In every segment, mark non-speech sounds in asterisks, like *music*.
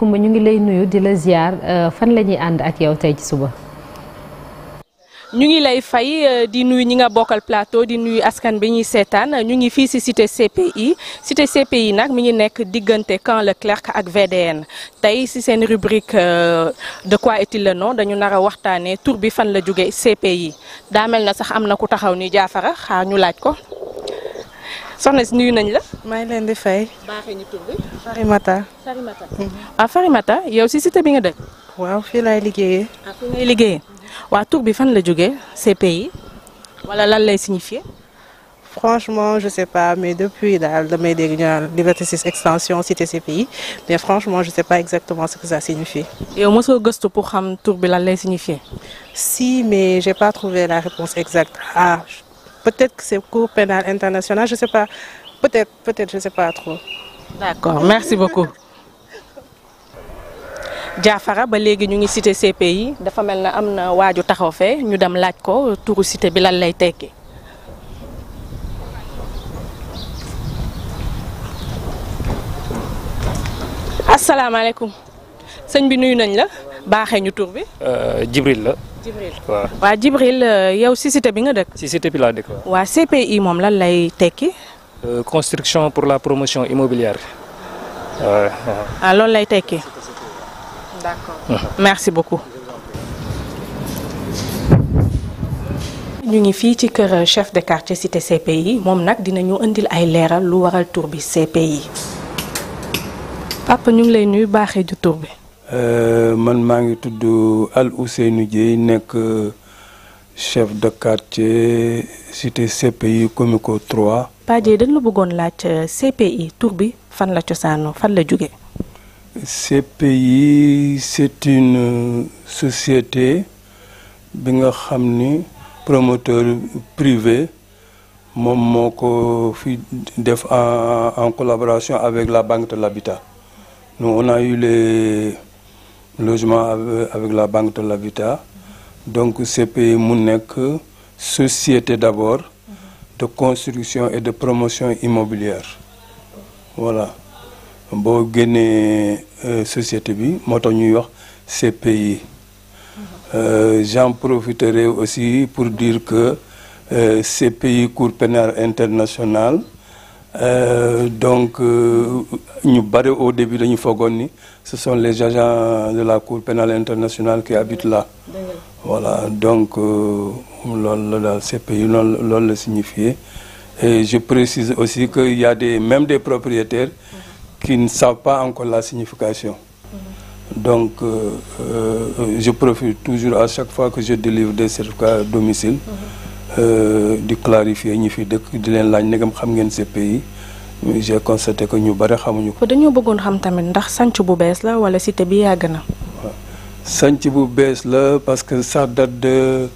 Kumba ñu ngi lay nuyu di la ziar euh, fan la ñuy ànd ak yow tey ci suba. ñu ngi lay fay euh, di nuyu ñi nga bokkal plateau di nuyu askan bi ñuy seetaan ñu ngi fii ci cité CPI cité CPI nag mi ngi nekk diggante Camp Leclerc ak VDN tey ci seen rubrique euh, de quoi est-il le dañu nar a waxtaanee tur bi fan la jóge CPI daa mel na sax am na ku taxaw ni jaafara xaar ñu laaj ko. soxna si nuyu nañ la. maa ngi leen di fay. baaxee ñu tur bi. Farimata. Farimata. ah Farimata yow si cité bi nga dëkk. waaw fii laay liggéeyee. ah fii ngay liggéeyee. waa tur bi fan la jógee CPI. wala lan lay signifier. franchement je sais pas mais depuis daal damay dégg ñu naan Liberté 6 extension cité CPI mais franchement je sais pas exactement ce que ça signifie. yow mosoo gëstu pour xam tur bi lan lay signifier. si mais j'ai pas trouvé la réponse exacte à ah, Peut-être que c'est Cour pénale internationale, je ne sais pas. Peut-être, je ne pas trop. D'accord, merci beaucoup. Diafara ba léegi ñu ngi cp yi dafa mel na am na waaju taxaw fee ñu dem laaj ko turu cité bi lan lay tekki. asalaamaaleykum sëñ bi nuyu nañ la baaxee ñu tur bi. Euh, Jibril la. waa waaw Jibril euh, yow si cité bi nga dëkk. si cité bi laa dëkk waaw. waa CPI moom lan lay tekki. Euh, construction pour la promotion immobilière. waaw ah loolu lay tekki. d'accord mmh. merci beaucoup. ñu ngi fii ci kër euh, chef de quartier cité CPI moom nag dinañu indil ay leeral lu waral tur bi CPI. papa ñu ngi lay nuyu baaxee ju tur bi. Euh, man maa ngi tudd Al Ousseynou Dieye nekk euh, chef de quartier cité CPI Comico 3. Paa Dieye dañ la bëggoon laaj euh, CPI tur bi fan la cosaanoo fan la jóge CPI c'est une société bi nga xam ni promoteur privé moom moo ko fi def en en collaboration avec la banque de l'habitat nous on logement avec la banque de l'habitat donc CPI mu nekk société d'abord de construction et de promotion immobilière voilà boo génnee euh, société bi moo tax ñuy wax CPI euh, j'en profiterai aussi pour dire que euh, CPI Cour pénale internationale Euh, donc euh, ñu bëri au début dañu foogoon ni ce sont les agents de la cour pénale internationale qui habitent la voilà donc euh, loolu la daal CPI loolu loolu la signifié et je précise aussi que y a des même des propriétaires qui ne savent pas encore la signification. donc je profite toujours à chaque fois que je délivre des certificats à domicile. Euh, di clarifier ñi fi dëkk di leen laaj ndegam xam ngeen CPI j'ai constaté que ñu bëri xamuñu ko. dañoo bëggoon xam tamit ndax sanc bu bees la wala cité bi yàgg na. waaw bu bees la parce que ça date de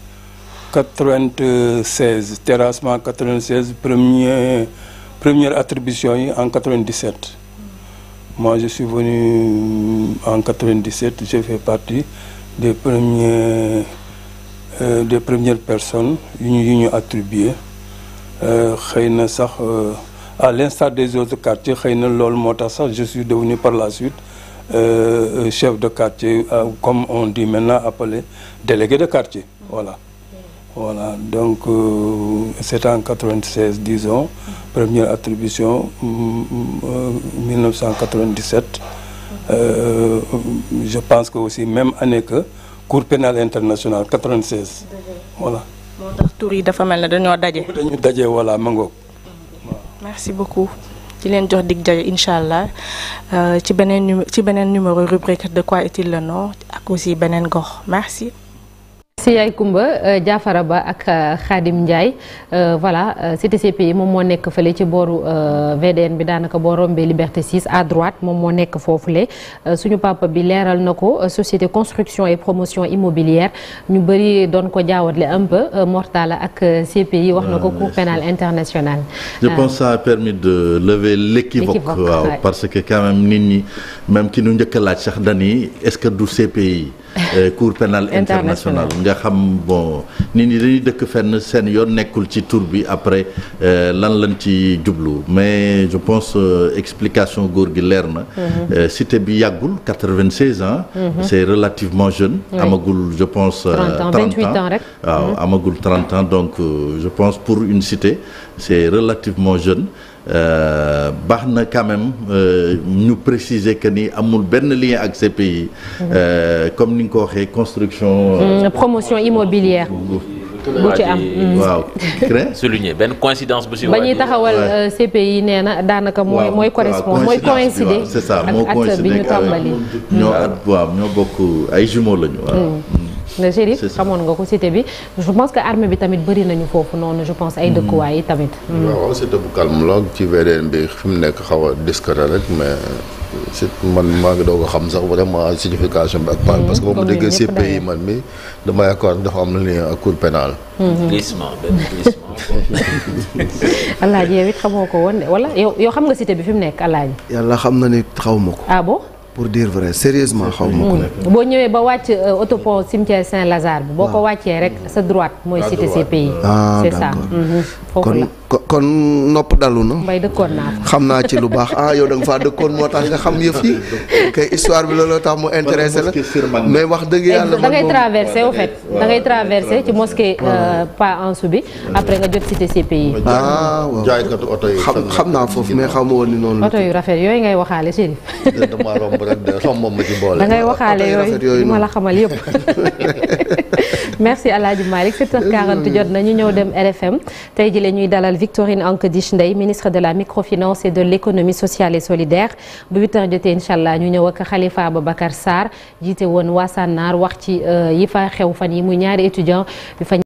96 terrassement 96 premier première attribution yi en 97. moi je suis venu en 97 j'ai fait partie des premiers. Euh, des premières personnes yu ñu yu ñu euh, xëy na sax euh, à l'instar des autres quartiers xëy na loolu moo tax sax je suis devenu par la suite euh, chef de quartier comme on dit maintenant appelé délégué de quartier voilà voilà donc euh, c'est en 96 disons première attribution euh, 1997 je pense que aussi même année que cour pénale internationale 96. moo tax tur yi dafa mel ne dañoo daje. dañu daje voilà ma ngoog. merci beaucoup. ci leen jox dig jaje incha allah euh, ci beneen ci beneen numéro rubrique de quoi est-il le nom ak aussi beneen gox merci. si yaay Kumba Jaafara euh, Ba ak euh, Khadim Ndiaye euh, voilà CTCPI moom moo nekk fële ci booru VDN bi daanaka boo rombee Liberté 6 à droite moom moo nekk foofule suñu papa bi leeral na ko société construction et promotion immobilière ñu bëri doon ko jaawatle un peu Mortala ak CPI wax na ko cour pénale internationale je pense ça a de lever l'équivoque waaw parce que quand même nit ñi même ki ñu njëkk a laaj sax dani est-ce que du CPI cour pénale internationale nga xam bon ni ñi dañuy dëkk fenn seen yoon nekkul ci tur bi après euh, lan lañ ci jublu mais je pense euh, explication góor gi leer na. Mhm. Euh, cité bi yàggul quatre-vingt-seize ans. Mhm. c'est relativement jeune. amagul je pense. trente ans mhm. amagul trente ans donc je pense pour une cité c'est relativement jeune. Euh, baax na quand même euh, ñu préciser que ni amul benn lien ak CPI. Mhm. Euh, comme ni nga ko waxee construction. Mhm, promotion immobilière. bu ci am mhm. waaw. *laughs* souligner benn coïncidence bu si. ba ñuy taxawal CPI nee na daanaka mooy. mooy correspond mooy coïncider. c'est ça moo coïncider ak ñoo waaw ñoo bokk ay jumeaux lañu waaw. nga Chérif xamoon nga ko cité bi je pense que armée bi tamit bëri nañu foofu noonu je pense ay hmm. dëkkuwaay yi tamit hmm. waaw cité bu calme la ci VDN a man maa ngi doog a xam sax vraiment signification bi ak par hmm. parce que ba mu déggee CPI man mi dama yaakaar dafa am lu lien ak cour pénal glissement benn *laughs* yow it xamoo ko woon wala yow yow xam nga cité bi fi mu nekk alaaji yàlla xam na ni xaw ma ko ah pour dire vrai sérieusement xaw ma ko nag. boo ñëwee ba wàcc euh, autopont cimetière Saint-Lazare bi. boo ko wàccee rek sa droite mooy cité CPI. ah d'accord c'est ça mhm. foofu la. kon nopp dalu na. mbay dëkkoon naa xam naa ci lu baax ah yow da faa dëkkoon moo tax nga xam yëf yi *laughs* kay histoire bi looloo tax mu intéressé la mais wax dëgg eh, yàlla. da ngay traversé au fait da ngay traversé ci mosquée euh, pas Ansu bi après nga jot cité CPI. ah waaw jaaykatu oto yi. xam xam naa foofu mais xamu woon ni noonu la. oto yu rafet yooyu ngay waxaale Chérif. damaa romb rek de romb ma ci waxaale yooyu ma la xamal yëpp. *laughs* merci El Hadj Malick 7h40 jot na ñu ñëw dem RFM tey jii ñuy dalal Victorine Ankadish Ndeye ministre de la microfinance et de l'économie sociale et solidaire bu 8h jotee incha allah ñu ñëw ak Khalifa Ababacar Sarr jiite woon waa Sànnaar wax ci euh, yi fa xew fan yi muy ñaari étudiant